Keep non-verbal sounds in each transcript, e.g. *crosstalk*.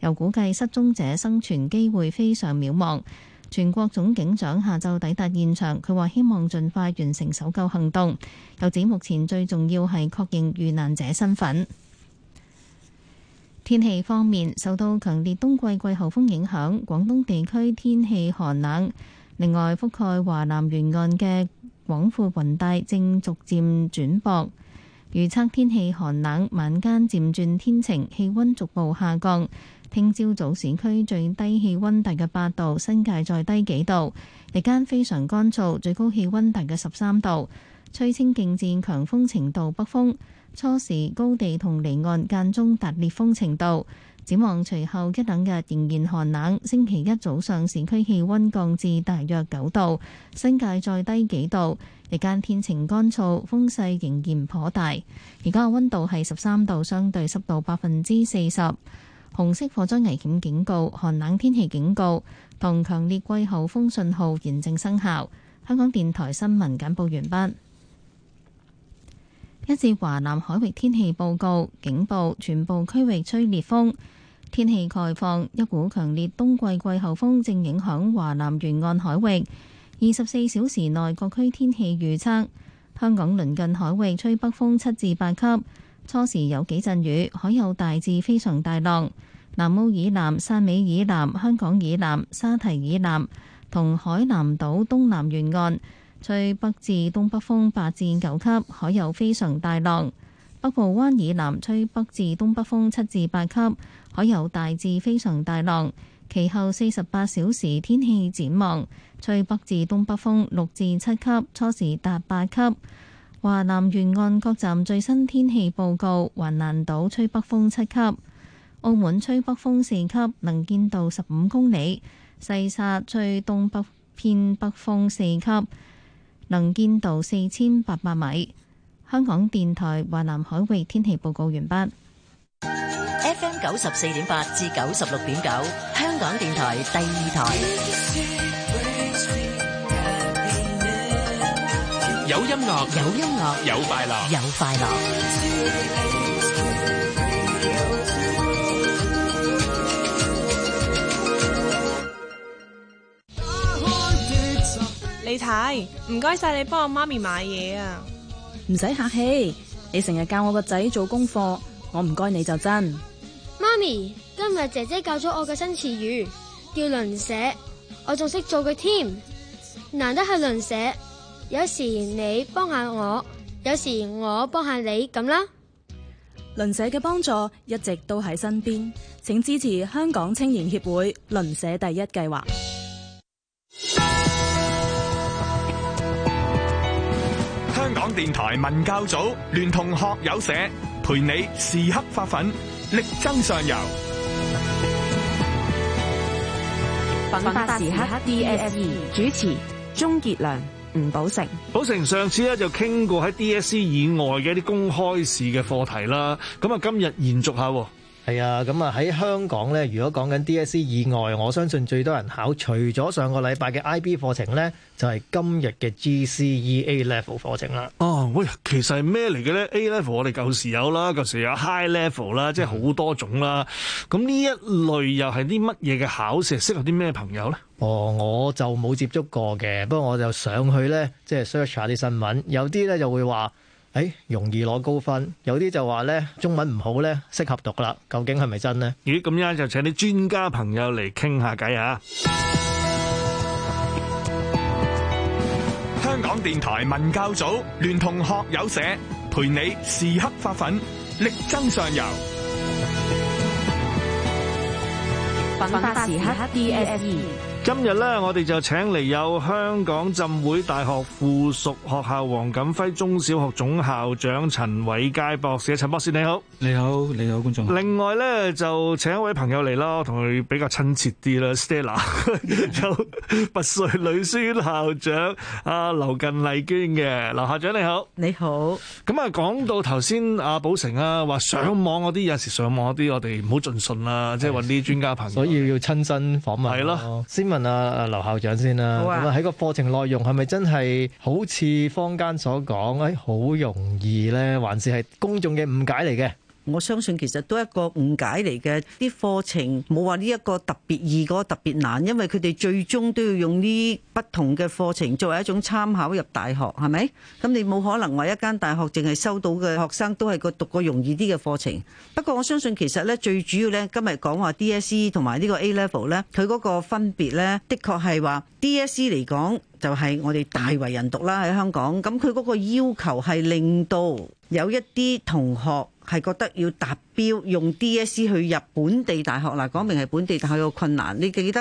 又估計失蹤者生存機會非常渺茫。全國總警長下晝抵達現場，佢話希望盡快完成搜救行動。又指目前最重要係確認遇難者身份。天氣方面，受到強烈冬季季候風影響，廣東地區天氣寒冷。另外，覆蓋華南沿岸嘅廣闊雲帶正逐漸轉薄。預測天氣寒冷，晚間漸轉天晴，氣溫逐步下降。聽朝早，早市區最低氣温大概八度，新界再低幾度。日間非常乾燥，最高氣温大概十三度。吹清勁至強風程度北風，初時高地同離岸間中達烈風程度。展望隨後一兩日仍然寒冷，星期一早上市區氣温降至大約九度，新界再低幾度。日間天晴乾燥，風勢仍然頗大。而家嘅温度係十三度，相對濕度百分之四十。紅色火災危險警告、寒冷天氣警告同強烈季候風信號現正生效。香港電台新聞簡報完畢。一至華南海域天氣報告，警報全部區域吹烈風。天氣概況：一股強烈冬季季候風正影響華南沿岸海域。二十四小時內各區天氣預測：香港鄰近海域吹北風七至八級，初時有幾陣雨，海有大至非常大浪。南澳以南、汕尾以南、香港以南、沙堤以南同海南島東南沿岸吹北至東北風八至九級，海有非常大浪。北部灣以南吹北至東北風七至八級，海有大致非常大浪。其後四十八小時天氣展望，吹北至東北風六至七級，初時達八級。華南沿岸各站最新天氣報告：橫瀾島吹北風七級，澳門吹北風四級，能見度十五公里；細沙吹東北偏北風四級，能見度四千八百米。香港電台華南海域天氣報告完畢。FM 九十四點八至九十六點九，香港電台第二台。有音樂，有音樂，有快樂，有快樂。你睇，唔該晒，你幫我媽咪買嘢啊！唔使客氣，你成日教我個仔做功課，我唔該你就真。媽咪，今日姐姐教咗我嘅新詞語，叫「鄰舍」。我仲識做佢添。難得係「鄰舍」。有時你幫下我，有時我幫下你，咁啦。「鄰舍」嘅幫助一直都喺身邊，請支持香港青年協會鄰舍第一計劃。電台文教組聯同學友社陪你時刻發奮，力爭上游。奮發時刻 DSE 主持鍾杰良、吳寶成。寶成，上次咧就傾過喺 DSE 以外嘅一啲公開試嘅課題啦，咁啊今日延續下。係啊，咁啊喺香港咧，如果講緊 DSE 以外，我相信最多人考除咗上個禮拜嘅 IB 課程咧，就係、是、今日嘅 GCE A level 課程啦。哦、啊，喂，其實係咩嚟嘅咧？A level 我哋舊時有啦，舊時有 High level 啦，即係好多種啦。咁呢、嗯、一類又係啲乜嘢嘅考試？適合啲咩朋友咧？哦，我就冇接觸過嘅，不過我就上去咧，即係 search 下啲新聞，有啲咧就會話。誒，容易攞高分，有啲就話咧，中文唔好咧，適合讀啦。究竟係咪真呢？咦、嗯，咁依家就請啲專家朋友嚟傾下偈啊。香港電台文教組聯同學友社，陪你時刻發奮，力爭上游。文化時刻 DSE。今日咧，我哋就請嚟，有香港浸會大學附屬學校王錦輝中小學總校長陳偉佳博士。陳博士你好，你好，你好觀眾。另外咧，就請一位朋友嚟啦，同佢比較親切啲啦，Stella 有拔萃女書院校長阿劉靳麗娟嘅，嗱校長你好，你好。咁啊，講到頭先，阿寶成啊，話上網嗰啲有時上網嗰啲，我哋唔好盡信啦，即係揾啲專家朋友，所以要親身訪問係咯，先。問阿阿劉校長先啦，咁啊喺個課程內容係咪真係好似坊間所講，誒，好容易咧，還是係公眾嘅誤解嚟嘅？我相信其實都係一個誤解嚟嘅，啲課程冇話呢一個特別易，嗰個特別難，因為佢哋最終都要用呢不同嘅課程作為一種參考入大學，係咪？咁你冇可能話一間大學淨係收到嘅學生都係個讀個容易啲嘅課程。不過我相信其實咧，最主要咧，今日講話 DSE 同埋呢個 A level 咧，佢嗰個分別咧，的確係話 DSE 嚟講就係我哋大為人讀啦，喺香港，咁佢嗰個要求係令到有一啲同學。係覺得要達標，用 DSE 去入本地大學嗱，講明係本地大學有困難。你記得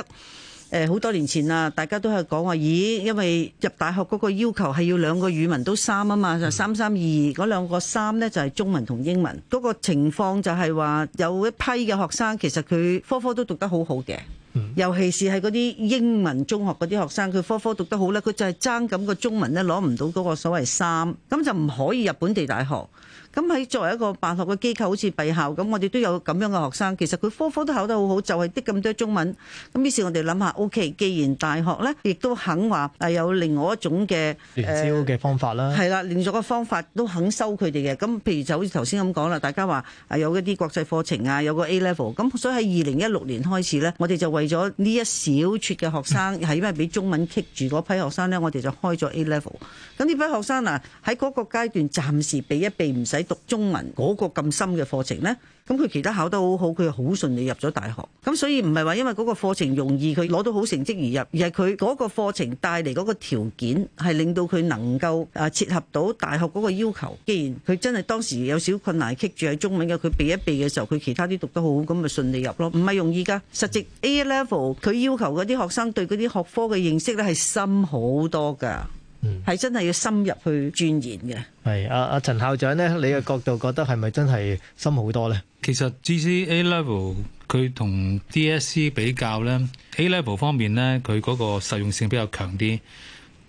誒好、呃、多年前啊，大家都係講話，咦，因為入大學嗰個要求係要兩個語文都三啊嘛，就三三二二嗰兩個三呢，就係、是、中文同英文。嗰、那個情況就係話有一批嘅學生，其實佢科科都讀得好好嘅，嗯、尤其是係嗰啲英文中學嗰啲學生，佢科科讀得好呢，佢就係爭咁個中文呢，攞唔到嗰個所謂三，咁就唔可以入本地大學。咁喺作為一個辦學嘅機構，好似敝校咁，我哋都有咁樣嘅學生。其實佢科科都考得好好，就係啲咁多中文。咁於是我想想，我哋諗下，O.K.，既然大學呢，亦都肯話係有另外一種嘅聯招嘅方法啦，係啦，連續嘅方法都肯收佢哋嘅。咁譬如就好似頭先咁講啦，大家話係有一啲國際課程啊，有個 A level。咁所以喺二零一六年開始呢，我哋就為咗呢一小撮嘅學生，係 *laughs* 因為俾中文 kick 住嗰批學生呢，我哋就開咗 A level。咁呢批學生嗱喺嗰個階段暫時避一避，唔使。讀中文嗰個咁深嘅課程呢，咁佢其他考得好好，佢好順利入咗大學。咁所以唔係話因為嗰個課程容易，佢攞到好成績而入，而係佢嗰個課程帶嚟嗰個條件，係令到佢能夠啊切合到大學嗰個要求。既然佢真係當時有少困難棘住喺中文嘅，佢避一避嘅時候，佢其他啲讀得好，咁咪順利入咯。唔係容易噶。實際 A level 佢要求嗰啲學生對嗰啲學科嘅認識咧係深好多㗎。嗯，係真係要深入去鑽研嘅。係阿阿陳校長咧，你嘅角度覺得係咪真係深好多咧？其實 G C A level 佢同 D S E 比較咧，A level 方面咧，佢嗰個實用性比較強啲。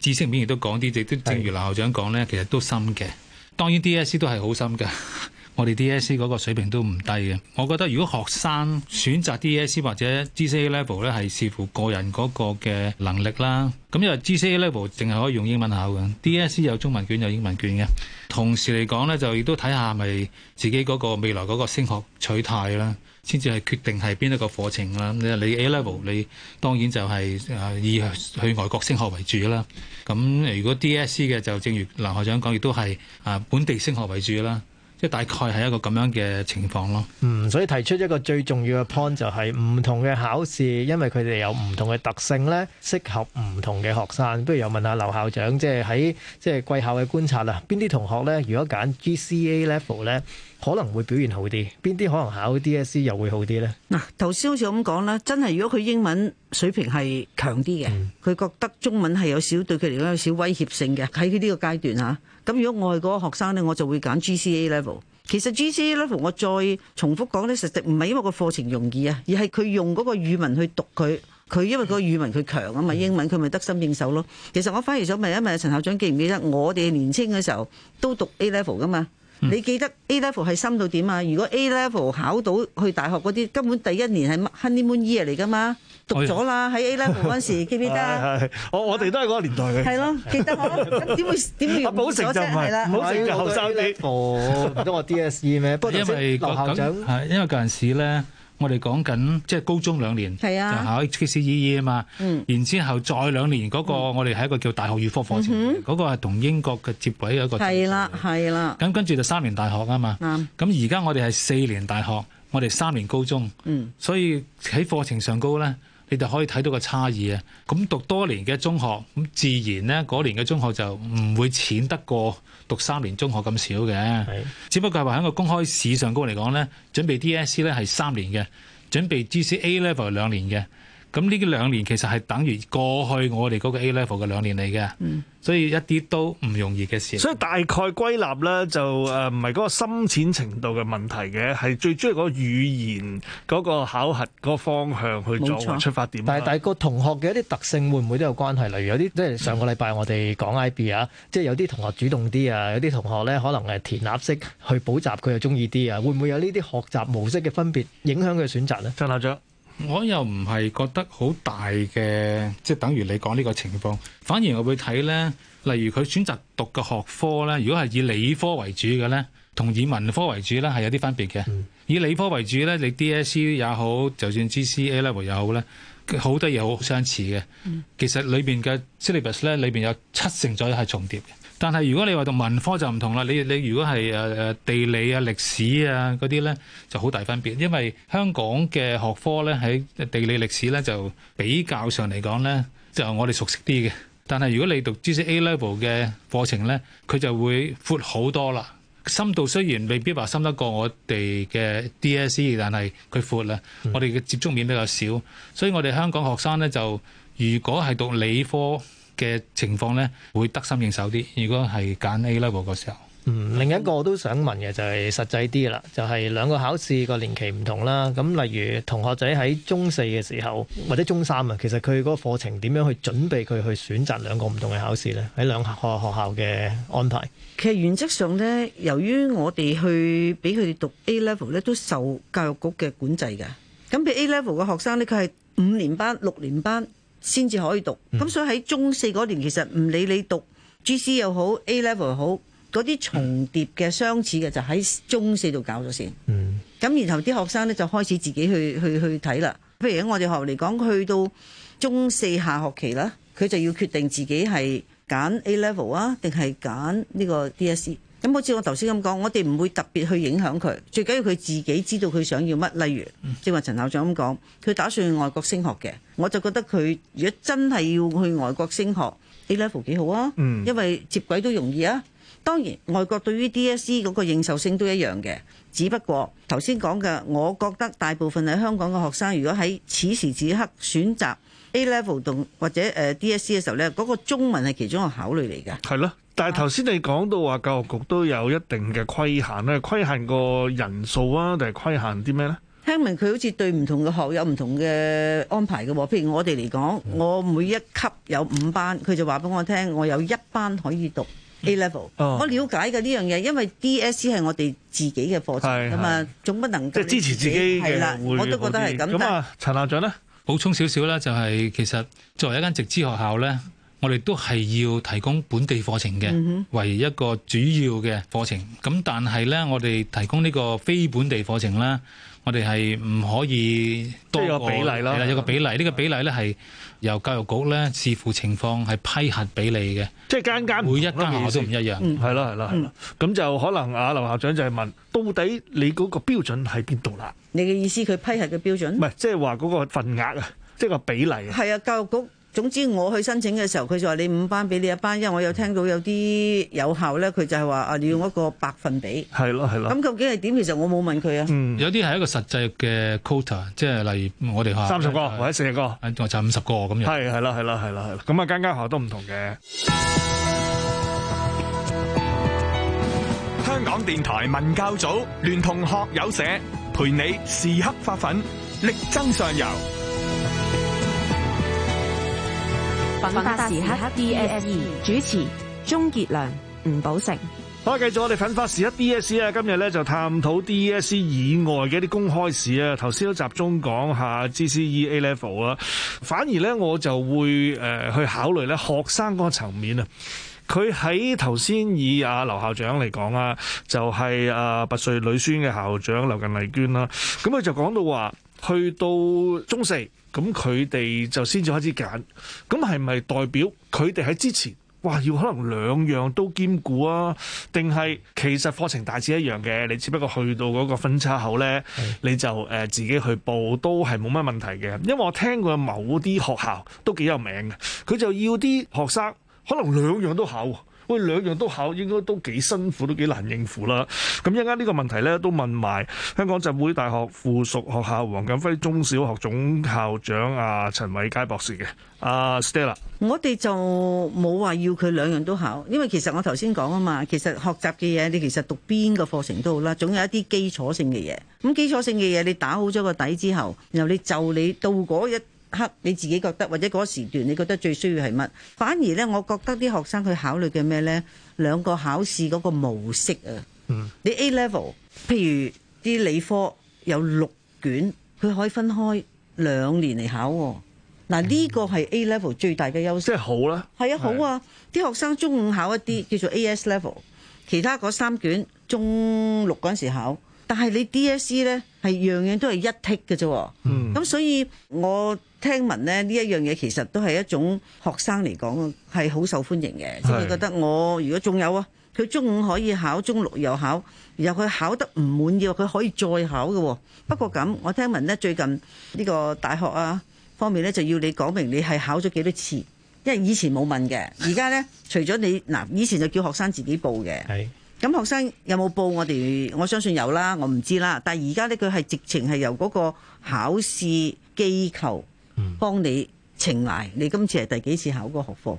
知識面亦都廣啲，亦都正如劉校長講咧，其實都深嘅。當然 D S E 都係好深嘅。 *laughs* 我哋 DSE 嗰個水平都唔低嘅，我覺得如果學生選擇 DSE 或者 GCE A Level 咧，係視乎個人嗰個嘅能力啦。咁因為 GCE A Level 淨係可以用英文考嘅，嗯、DSE 有中文卷有英文卷嘅。同時嚟講咧，就亦都睇下係咪自己嗰個未來嗰個升學取態啦，先至係決定係邊一個課程啦。你 A Level 你當然就係誒以去外國升學為主啦。咁如果 DSE 嘅就正如林學長講，亦都係啊本地升學為主啦。即係大概係一個咁樣嘅情況咯。嗯，所以提出一個最重要嘅 point 就係唔同嘅考試，因為佢哋有唔同嘅特性咧，適合唔同嘅學生。不如又問下劉校長，即係喺即係貴校嘅觀察啦，邊啲同學咧，如果揀 GCA level 咧，可能會表現好啲？邊啲可能考 DSE 又會好啲咧？嗱，頭先好似咁講啦，真係如果佢英文水平係強啲嘅，佢、嗯、覺得中文係有少對佢嚟講有少威脅性嘅，喺呢個階段嚇。咁如果我係嗰個學生咧，我就會揀 G C A level。其實 G C A level 我再重複講咧，實質唔係因為個課程容易啊，而係佢用嗰個語文去讀佢佢，因為佢語文佢強啊嘛，英文佢咪得心應手咯。其實我反而想問一問陳校長記唔記得我哋年青嘅時候都讀 A level 噶嘛？你記得 A level 係深到點啊？如果 A level 考到去大學嗰啲根本第一年係 honeymoon year 嚟噶嘛？讀咗啦，喺 A Level 嗰陣時記唔記得啊？係係，我我哋都係嗰個年代嘅。係咯，記得我。咁點會點會完咗啫？係啦，唔好成日後生啲，我唔通我 DSE 咩？係因為個校長係因為嗰陣時咧，我哋講緊即係高中兩年，係啊，就考 HKCEE 啊嘛。嗯，然之後再兩年嗰個，我哋係一個叫大學預科課程，嗰個係同英國嘅接軌嘅一個。係啦，係啦。咁跟住就三年大學啊嘛。啱。咁而家我哋係四年大學，我哋三年高中。嗯。所以喺課程上高咧。你就可以睇到個差異啊！咁讀多年嘅中學，咁自然呢嗰年嘅中學就唔會淺得過讀三年中學咁少嘅。是只不過係話喺個公開試上高嚟講呢，準備 DSE 呢係三年嘅，準備 GCE A-Level 係兩年嘅。咁呢兩年其實係等於過去我哋嗰個 A level 嘅兩年嚟嘅，嗯、所以一啲都唔容易嘅事。所以大概歸納咧，就誒唔係嗰個深淺程度嘅問題嘅，係最中意嗰個語言嗰、那個考核嗰方向去做出發點。錯但係個同學嘅一啲特性會唔會都有關係？例如有啲即係上個禮拜我哋講 IB 啊、嗯，即係有啲同學主動啲啊，有啲同學咧可能係填鴨式去補習佢又中意啲啊，會唔會有呢啲學習模式嘅分別影響佢選擇呢？陳校長。我又唔係覺得好大嘅，即係等於你講呢個情況，反而我會睇咧，例如佢選擇讀嘅學科咧，如果係以理科為主嘅咧，同以文科為主咧係有啲分別嘅。嗯、以理科為主咧，你 d s e 也好，就算 g c a level 又好咧，好多嘢好相似嘅。嗯、其實裏邊嘅 syllabus 咧，裏邊有七成左右係重疊嘅。但係如果你話讀文科就唔同啦，你你如果係誒誒地理啊、歷史啊嗰啲咧，就好大分別。因為香港嘅學科咧，喺地理、歷史咧就比較上嚟講咧，就我哋熟悉啲嘅。但係如果你讀 GCE A Level 嘅課程咧，佢就會闊好多啦。深度雖然未必話深得過我哋嘅 DSE，但係佢闊啦。我哋嘅接觸面比較少，所以我哋香港學生咧就如果係讀理科嘅情況咧，會得心應手啲。如果係揀 A level 嘅時候，嗯，另一個我都想問嘅就係實際啲啦，就係兩個考試個年期唔同啦。咁例如同學仔喺中四嘅時候，或者中三啊，其實佢個課程點樣去準備佢去選擇兩個唔同嘅考試咧？喺兩個學校嘅安排，其實原則上咧，由於我哋去俾佢讀 A level 咧，都受教育局嘅管制㗎。咁俾 A level 嘅學生咧，佢係五年班、六年班。先至可以讀，咁所以喺中四嗰年，其實唔理你讀 G C 又好 A level 又好，嗰啲重疊嘅 *noise* 相似嘅就喺中四度搞咗先。咁 *noise* 然後啲學生咧就開始自己去去去睇啦。譬如喺我哋學嚟講，去到中四下學期啦，佢就要決定自己係揀 A level 啊，定係揀呢個 DSE。咁好似我頭先咁講，我哋唔會特別去影響佢，最緊要佢自己知道佢想要乜。例如，即係話陳校長咁講，佢打算去外國升學嘅，我就覺得佢如果真係要去外國升學，A level 幾好啊，因為接軌都容易啊。當然，外國對於 DSE 嗰個認受性都一樣嘅，只不過頭先講嘅，我覺得大部分喺香港嘅學生，如果喺此時此刻選擇。A level 同或者誒、呃、DSE 嘅時候咧，嗰、那個中文係其中一個考慮嚟㗎。係咯，但係頭先你講到話教育局都有一定嘅規限咧，規限個人數啊，定係規限啲咩咧？聽明佢好似對唔同嘅學有唔同嘅安排嘅喎。譬如我哋嚟講，我每一級有五班，佢就話俾我聽，我有一班可以讀 A level。嗯、我了解嘅呢樣嘢，因為 DSE 係我哋自己嘅課程，咁啊、嗯，總、嗯、不能即係、就是、支持自己嘅。我都覺得係咁。咁啊，陳校長咧。補充少少啦，就係其實作為一間直資學校呢，我哋都係要提供本地課程嘅為一個主要嘅課程。咁但係呢，我哋提供呢個非本地課程咧，我哋係唔可以多過，個比例咯，係啊，有個比例。呢個比例咧係。由教育局咧，視乎情況係批核俾你嘅。即係間間每一間學校都唔一樣，係咯，係咯，咁、嗯、就可能啊，劉校長就係問，到底你嗰個標準喺邊度啦？你嘅意思，佢批核嘅標準？唔係，即係話嗰個份額啊，即、就、係、是、個比例啊。係啊，教育局。總之，我去申請嘅時候，佢就話你五班俾你一班，因為我有聽到有啲有效咧，佢就係話啊，你用一個百分比。係咯，係咯。咁究竟係點？其實我冇問佢啊。嗯，有啲係一個實際嘅 quota，即係例如我哋學校三十個或者四十個，仲有五十個咁樣。係，係啦，係啦，係啦。咁啊，間間學校都唔同嘅。香港電台文教組聯同學友社，陪你時刻發奮，力爭上游。奮發時刻 DSE 主持鍾杰良、吳寶成，好，繼續我哋奮發時刻 DSE 啊！SE, 今日咧就探討 DSE 以外嘅一啲公開試。啊！頭先都集中講下 GCE A Level 啦，反而咧我就會誒去考慮咧學生嗰個層面啊！佢喺頭先以阿劉校長嚟講啊，就係、是、誒拔萃女書院嘅校長劉靳麗娟啦，咁佢就講到話去到中四。咁佢哋就先至開始揀，咁係咪代表佢哋喺之前話要可能兩樣都兼顧啊？定係其實課程大致一樣嘅，你只不過去到嗰個分叉口咧，是你就誒、呃、自己去報都係冇乜問題嘅。因為我聽過某啲學校都幾有名嘅，佢就要啲學生可能兩樣都考。喂，兩樣都考應該都幾辛苦，都幾難應付啦。咁一陣間呢個問題呢，都問埋香港浸會大學附屬學校王錦輝中小學總校長啊陳偉佳博士嘅。阿、啊、Stella，我哋就冇話要佢兩樣都考，因為其實我頭先講啊嘛，其實學習嘅嘢你其實讀邊個課程都好啦，總有一啲基礎性嘅嘢。咁基礎性嘅嘢你打好咗個底之後，然後你就你到嗰一刻你自己覺得，或者嗰時段你覺得最需要係乜？反而呢，我覺得啲學生佢考慮嘅咩呢？兩個考試嗰個模式啊，嗯，你 A level，譬如啲理科有六卷，佢可以分開兩年嚟考，啊。嗱呢個係 A level 最大嘅優勢，即係好啦，係啊，好啊，啲的學生中午考一啲，嗯、叫做 A S level，其他嗰三卷中六嗰陣時考。但係你 D S C 呢，係樣樣都係一剔 a k e 嘅啫，咁、嗯、所以我。聽聞咧，呢一樣嘢其實都係一種學生嚟講係好受歡迎嘅，即係的覺得我如果仲有啊，佢中五可以考，中六又考，然後佢考得唔滿意，佢可以再考嘅、哦。不過咁，我聽聞咧最近呢個大學啊方面咧就要你講明你係考咗幾多次，因為以前冇問嘅，而家咧除咗你嗱，以前就叫學生自己報嘅，咁的學生有冇報我？我哋我相信有啦，我唔知啦。但係而家咧佢係直情係由嗰個考試機構。幫你情懷，你今次係第幾次考嗰個學科？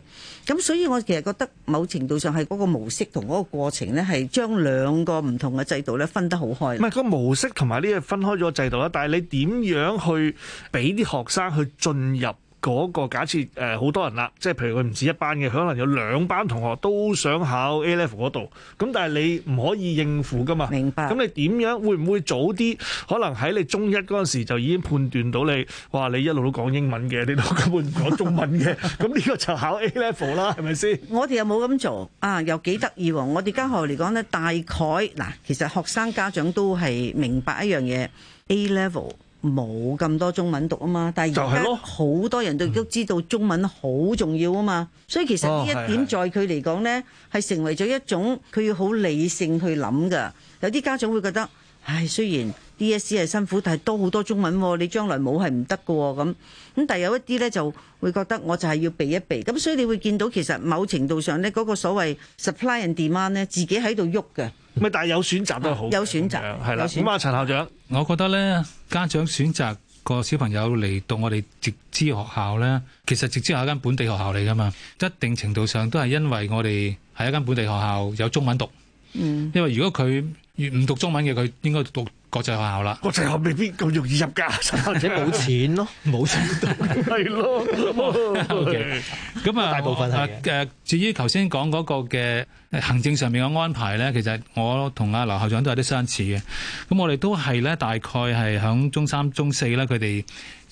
咁所以我其實覺得某程度上係嗰個模式同嗰個過程呢，係將兩個唔同嘅制度呢，分得好開。唔係，個模式同埋呢個分開咗個制度啦，但係你點樣去俾啲學生去進入？嗰個假設誒，好多人啦，即係譬如佢唔止一班嘅，佢可能有兩班同學都想考 A level 嗰度，咁但係你唔可以應付噶嘛？明白。咁你點樣？會唔會早啲？可能喺你中一嗰陣時就已經判斷到你，哇！你一路都講英文嘅，你都根本唔講中文嘅，咁呢個就考 A level 啦，係咪先？我哋又冇咁做啊，又幾得意喎！我哋間學嚟講呢，大概嗱，其實學生家長都係明白一樣嘢，A level。冇咁多中文讀啊嘛，但係而家好多人對都知道中文好重要啊嘛，所以其實呢一點在佢嚟講呢，係、哦、成為咗一種佢要好理性去諗㗎。有啲家長會覺得，唉，雖然 DSE 係辛苦，但係都好多中文、啊，你將來冇係唔得嘅咁。咁但係有一啲呢，就會覺得，我就係要避一避。咁所以你會見到其實某程度上呢，嗰、那個所謂 supply and demand 呢，自己喺度喐嘅。但係有選擇都好，啊，有選擇係啦。咁啊，陳校長，我覺得呢家長選擇個小朋友嚟到我哋直資學校呢，其實直資學校係間本地學校嚟㗎嘛。一定程度上都係因為我哋係一間本地學校，有中文讀。嗯，因為如果佢唔讀中文嘅，佢應該讀。國際學校啦，國際學校未必咁容易入噶，甚至冇錢咯，冇錢都係咯。咁啊，大部分係嘅。至於頭先講嗰個嘅行政上面嘅安排咧，其實我同阿劉校長都有啲相似嘅。咁我哋都係咧，大概係響中三、中四咧，佢哋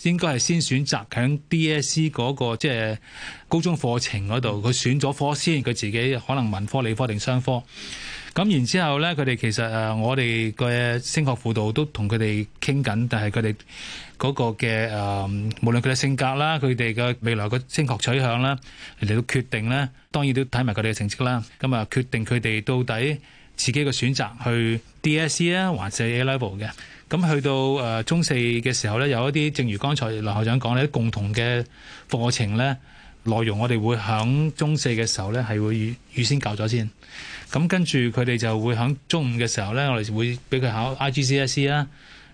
應該係先選擇響 DSE 嗰個即係高中課程嗰度，佢選咗科先，佢自己可能文科、理科定商科。咁然之後咧，佢哋其實誒，我哋嘅升學輔導都同佢哋傾緊，但係佢哋嗰個嘅誒，無論佢嘅性格啦，佢哋嘅未來嘅升學取向啦，嚟到決定咧，當然都睇埋佢哋嘅成績啦。咁啊，決定佢哋到底自己嘅選擇去 DSE 啦，還是 A Level 嘅。咁去到誒中四嘅時候咧，有一啲正如剛才劉校長講呢啲共同嘅課程咧內容，我哋會喺中四嘅時候咧係會預先教咗先。咁跟住佢哋就會喺中午嘅時候咧，我哋會俾佢考 IGCSE 啦，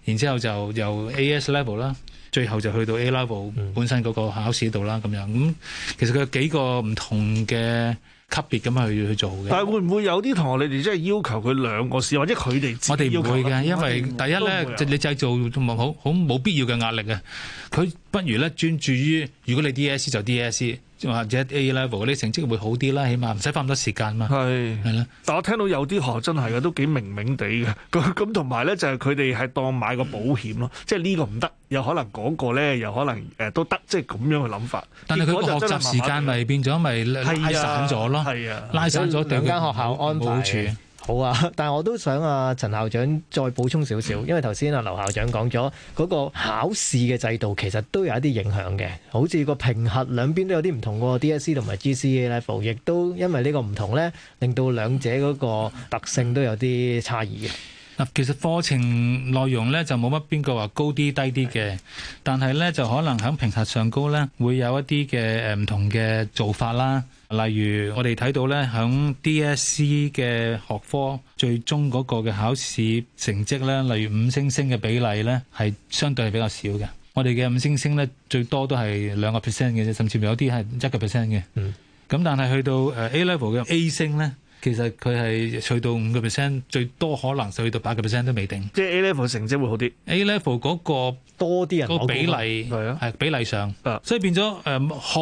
然之後就由 A S level 啦，最後就去到 A level 本身嗰個考試度啦咁樣。咁其實佢有幾個唔同嘅級別咁去去做嘅。但係會唔會有啲同學你哋即係要求佢兩個試，或者佢哋？我哋唔會嘅，因為第一咧，你製造好好冇必要嘅壓力呀。佢不如咧專注於，如果你 DSE 就 DSE。或者 A level 啲成績會好啲啦，起碼唔使花咁多時間嘛。係係啦，但我聽到有啲學校真係嘅，都幾明明地嘅。咁咁同埋咧，就係佢哋係當買個保險咯。即係呢個唔得，又可能嗰個咧，又可能誒都得。即係咁樣嘅諗法。但係佢學習時間咪變咗咪拉散咗咯？係啊，拉散咗對間學校冇好處。好啊，但係我都想啊，陳校長再補充少少，因為頭先啊，劉校長講咗嗰個考試嘅制度其實都有一啲影響嘅，好似個評核兩邊都有啲唔同喎 DSE 同埋 GCE A-level，亦都因為呢個唔同咧，令到兩者嗰個特性都有啲差異嘅。嗱，其實課程內容咧就冇乜邊個話高啲低啲嘅，但係咧就可能喺評核上高咧，會有一啲嘅誒唔同嘅做法啦。例如我哋睇到咧，響 DSE 嘅學科最終嗰個嘅考試成績咧，例如五星星嘅比例咧，係相對係比較少嘅。我哋嘅五星星咧，最多都係兩個 percent 嘅啫，甚至有啲係一個 percent 嘅。嗯，咁但係去到誒 A level 嘅 A 星咧。其實佢係去到五個 percent，最多可能去到八個 percent 都未定。即係 A level 成績會好啲。A level 嗰個多啲人，個比例係比例上，的所以變咗誒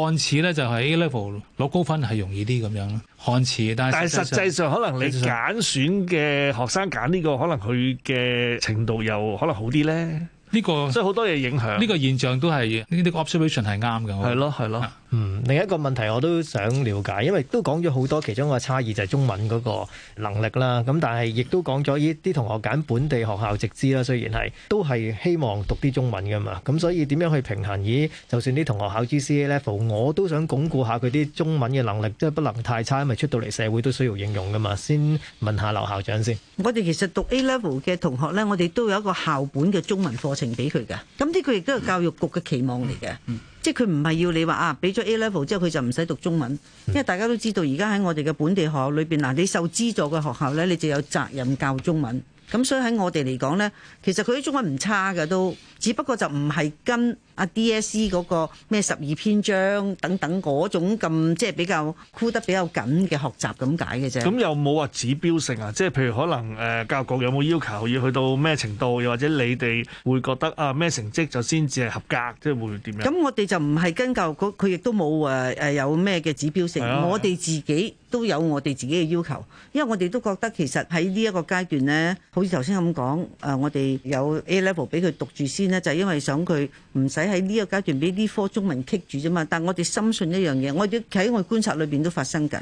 看似咧就係 A level 攞高分係容易啲咁樣咯。看似，但係實際上，實際上可能你揀選嘅學生揀呢個可能佢嘅程度又可能好啲咧。呢個所以好多嘢影響。呢個現象都係呢啲 observation 係啱嘅。係咯，係咯。嗯，另一個問題我都想了解，因為都講咗好多，其中一個差異就係中文嗰個能力啦。咁但係亦都講咗啲同學揀本地學校直資啦，雖然係都係希望讀啲中文噶嘛。咁所以點樣去平衡？而就算啲同學考 GCA Level，我都想鞏固下佢啲中文嘅能力，即係不能太差，因為出到嚟社會都需要應用噶嘛。先問下劉校長先。我哋其實讀 A level 嘅同學呢，我哋都有一個校本嘅中文課程俾佢噶。咁呢個亦都係教育局嘅期望嚟嘅。嗯即係佢唔係要你話啊，俾咗 A level 之後佢就唔使讀中文，因為大家都知道而家喺我哋嘅本地學校裏邊嗱，你受資助嘅學校呢，你就有責任教中文。咁所以喺我哋嚟講呢，其實佢啲中文唔差㗎都，只不過就唔係跟。啊 DSE 嗰個咩十二篇章等等嗰種咁即係比較箍得比較緊嘅學習咁解嘅啫。咁有冇話指標性啊？即係譬如可能誒教育局有冇要求要去到咩程度，又或者你哋會覺得啊咩成績就先至係合格，即係會點樣？咁我哋就唔係跟教育局，佢亦都冇誒誒，有咩嘅指標性。我哋自己都有我哋自己嘅要求，因為我哋都覺得其實喺呢一個階段咧，好似頭先咁講誒，我哋有 A level 俾佢讀住先咧，就係因為想佢唔使。喺呢一個階段俾呢科中文棘住啫嘛，但係我哋深信一樣嘢，我哋喺我觀察裏邊都發生緊，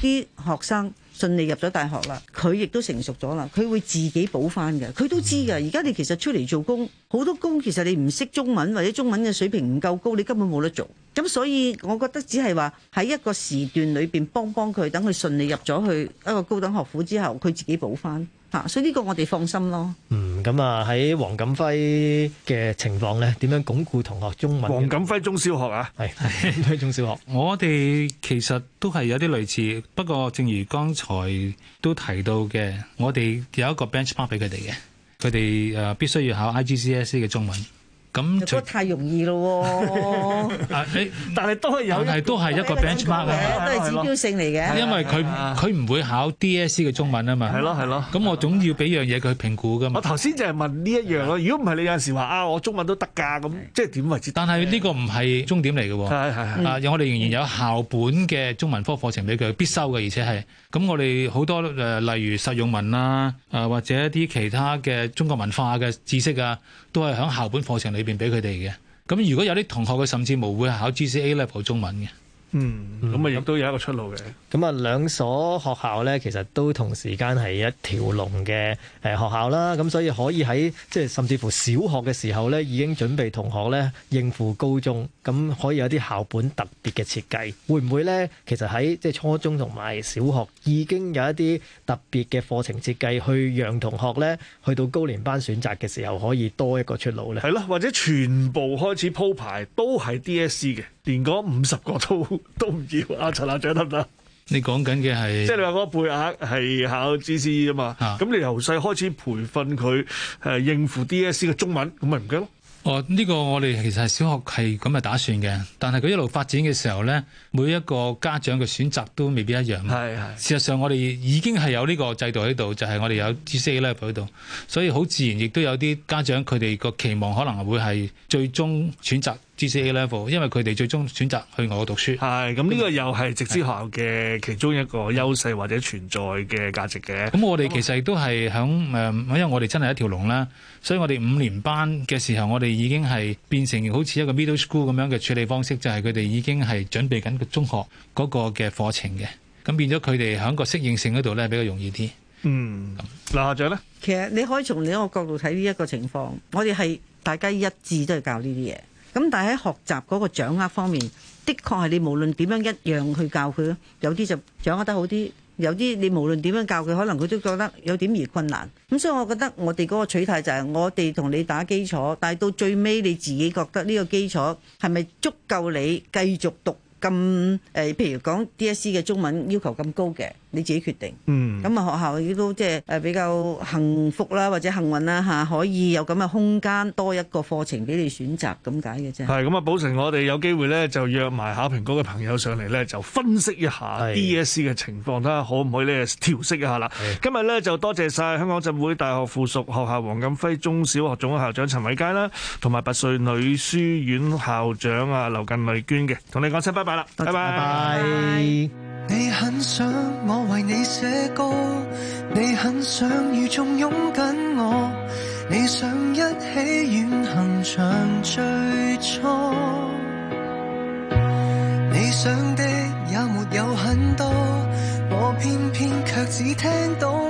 啲學生順利入咗大學啦，佢亦都成熟咗啦，佢會自己補翻嘅，佢都知㗎。而家你其實出嚟做工，好多工其實你唔識中文或者中文嘅水平唔夠高，你根本冇得做。咁所以我覺得只係話喺一個時段裏邊幫幫佢，等佢順利入咗去一個高等學府之後，佢自己補翻。啊！所以呢個我哋放心咯。嗯，咁啊喺王錦輝嘅情況咧，點樣鞏固同學中文？王錦輝中小學啊，係係 *laughs* 中小學。我哋其實都係有啲類似，不過正如剛才都提到嘅，我哋有一個 benchmark 俾佢哋嘅，佢哋誒必須要考 IGCSE 嘅中文。咁太容易咯喎！但係都有，係都係一個 benchmark 啊，都係指標性嚟嘅。因為佢佢唔會考 DSE 嘅中文啊嘛，係咯係咯。咁我總要俾樣嘢佢去評估噶嘛。我頭先就係問呢一樣咯。如果唔係你有陣時話啊，我中文都得㗎咁，即係點為之？但係呢個唔係終點嚟嘅。係係係。啊，我哋仍然有校本嘅中文科課程俾佢必修嘅，而且係。咁我哋好多誒、呃，例如實用文啊，誒、呃、或者一啲其他嘅中國文化嘅知識啊，都係喺校本課程裏邊俾佢哋嘅。咁、嗯、如果有啲同學佢甚至冇會考 GCA level 中文嘅。嗯，咁啊，亦都有一個出路嘅。咁啊、嗯，兩所學校呢，其實都同時間係一條龍嘅誒學校啦。咁所以可以喺即係甚至乎小學嘅時候呢，已經準備同學呢應付高中。咁可以有啲校本特別嘅設計，會唔會呢？其實喺即係初中同埋小學已經有一啲特別嘅課程設計，去讓同學呢去到高年班選擇嘅時候，可以多一個出路呢？係咯，或者全部開始鋪排都係 DSE 嘅。連嗰五十個都都唔要，阿陳校長得唔得？行行，你講緊嘅係即係你話嗰個背額係考 g c 啊嘛，咁你由細開始培訓佢誒應付 d s c 嘅中文，咁咪唔得咯？哦，呢、這個我哋其實係小學係咁嘅打算嘅，但係佢一路發展嘅時候咧，每一個家長嘅選擇都未必一樣。係係，事實上我哋已經係有呢個制度喺度，就係、是、我哋有 GCE 咧喺度，所以好自然亦都有啲家長佢哋個期望可能會係最終選擇 GCA level，因為佢哋最終選擇去外國讀書。係咁，呢個又係直資學校嘅其中一個優勢或者存在嘅價值嘅。咁我哋其實亦都係響誒，因為我哋真係一條龍啦，所以我哋五年班嘅時候，我哋已經係變成好似一個 middle school 咁樣嘅處理方式，就係佢哋已經係準備緊個中學嗰個嘅課程嘅。咁變咗佢哋喺個適應性嗰度咧比較容易啲。嗯，嗱，校長咧，其實你可以從另一個角度睇呢一個情況。我哋係大家一致都係教呢啲嘢。咁但係喺學習嗰個掌握方面，的確係你無論點樣一樣去教佢咯，有啲就掌握得好啲，有啲你無論點樣教佢，可能佢都覺得有點兒困難。咁、嗯、所以我覺得我哋嗰個取態就係我哋同你打基礎，但係到最尾你自己覺得呢個基礎係咪足夠你繼續讀咁誒、呃，譬如講 DSE 嘅中文要求咁高嘅。你自己決定，咁啊學校亦都即係誒比較幸福啦，或者幸運啦嚇，可以有咁嘅空間多一個課程俾你選擇，咁解嘅啫。係咁啊，保成我哋有機會咧就約埋考評局嘅朋友上嚟咧，就分析一下 DSE 嘅情況，睇下可唔可以咧調適一下啦。今日咧就多謝曬香港浸會大學附屬學校王錦輝中小學總校長陳偉佳啦，同埋拔萃女書院校長啊劉靳麗娟嘅，同你講聲拜拜啦，拜拜。你很想我為你寫歌，你很想雨中擁緊我，你想一起遠行像最初。你想的也沒有很多，我偏偏卻只聽到。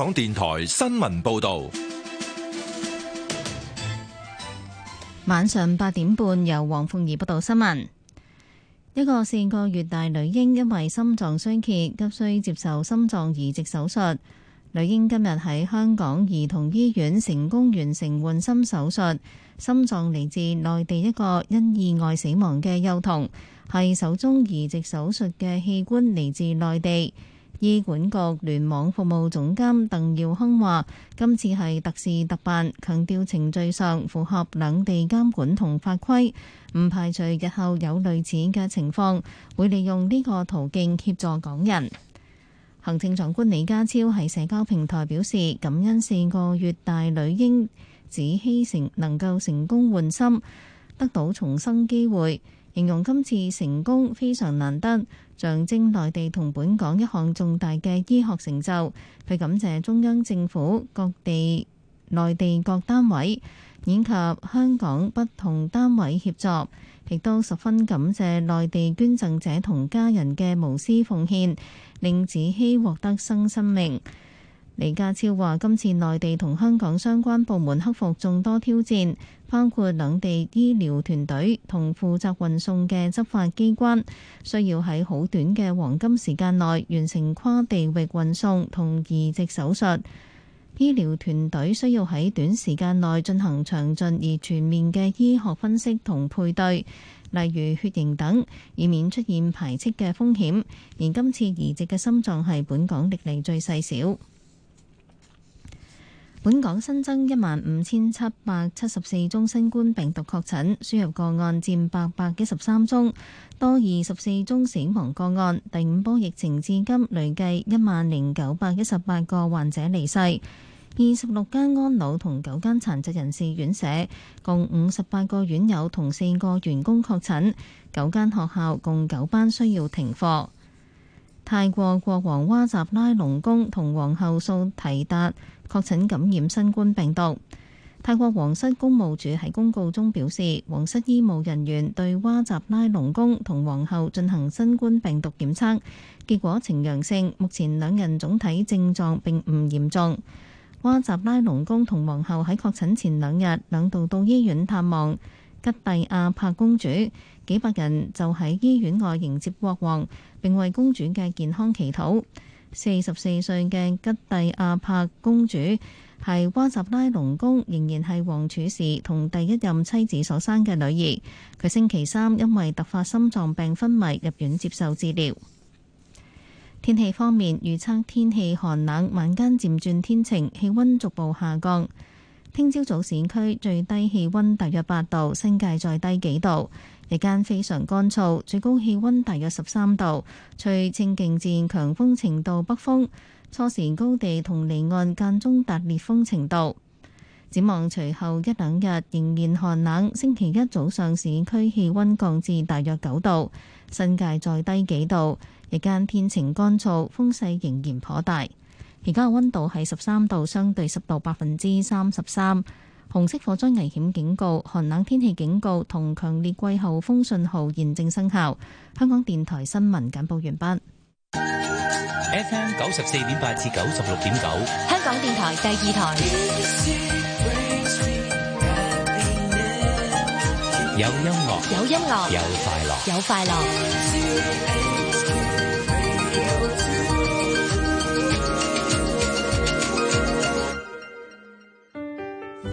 港電台新聞報道：晚上八點半，由黃鳳儀報道新聞。一個四個月大女嬰因為心臟衰竭，急需接受心臟移植手術。女嬰今日喺香港兒童醫院成功完成換心手術，心臟嚟自內地一個因意外死亡嘅幼童，係首宗移植手術嘅器官嚟自內地。醫管局聯網服務總監鄧耀鏗話：今次係特事特辦，強調程序上符合兩地監管同法規，唔排除日後有類似嘅情況，會利用呢個途徑協助港人。行政長官李家超喺社交平台表示：感恩四個月大女嬰子希成能夠成功換心，得到重生機會。形容今次成功非常難得，象徵內地同本港一項重大嘅醫學成就。佢感謝中央政府、各地內地各單位，以及香港不同單位協作，亦都十分感謝內地捐贈者同家人嘅無私奉獻，令子希獲得新生，生命。李家超話今次內地同香港相關部門克服眾多挑戰，包括兩地醫療團隊同負責運送嘅執法機關需要喺好短嘅黃金時間內完成跨地域運送同移植手術。醫療團隊需要喺短時間內進行詳盡而全面嘅醫學分析同配對，例如血型等，以免出現排斥嘅風險，而今次移植嘅心臟係本港歷嚟最細小。本港新增一萬五千七百七十四宗新冠病毒確診，輸入個案佔八百一十三宗，多二十四宗死亡個案。第五波疫情至今累計一萬零九百一十八個患者離世。二十六間安老同九間殘疾人士院舍，共五十八個院友同四個員工確診。九間學校共九班需要停課。泰國國王哇集拉隆功同皇后素提達確診感染新冠病毒。泰國皇室公務處喺公告中表示，皇室醫務人員對哇集拉隆功同皇后進行新冠病毒檢測，結果呈陽性。目前兩人總體症狀並唔嚴重。哇集拉隆功同皇后喺確診前兩日兩度到醫院探望吉蒂亞帕公主。幾百人就喺醫院外迎接國王，並為公主嘅健康祈禱。四十四歲嘅吉蒂亞柏公主係瓦吉拉隆功，仍然係王儲時同第一任妻子所生嘅女兒。佢星期三因為突發心臟病昏迷入院接受治療。天氣方面預測天氣寒冷，晚間漸轉天晴，氣温逐步下降。聽朝早，早市區最低氣温大約八度，新界再低幾度。日間非常乾燥，最高氣溫大約十三度，隨清勁至強風程度北風，初時高地同離岸間中達烈風程度。展望隨後一兩日仍然寒冷，星期一早上市區氣溫降至大約九度，新界再低幾度。日間天晴乾燥，風勢仍然頗大。而家溫度係十三度，相對濕度百分之三十三。紅色火災危險警告、寒冷天氣警告同強烈季候風信號現正生效。香港電台新聞簡報完畢。FM 九十四點八至九十六點九，香港電台第二台。有音樂樂，有音樂，有快樂， *music* 有快樂。 *music*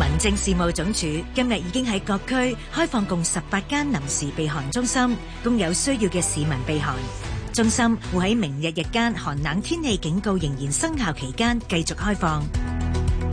民政事務總署今日已經喺各區開放共十八間臨時避寒中心，供有需要嘅市民避寒。中心會喺明日日間寒冷天氣警告仍然生效期間繼續開放。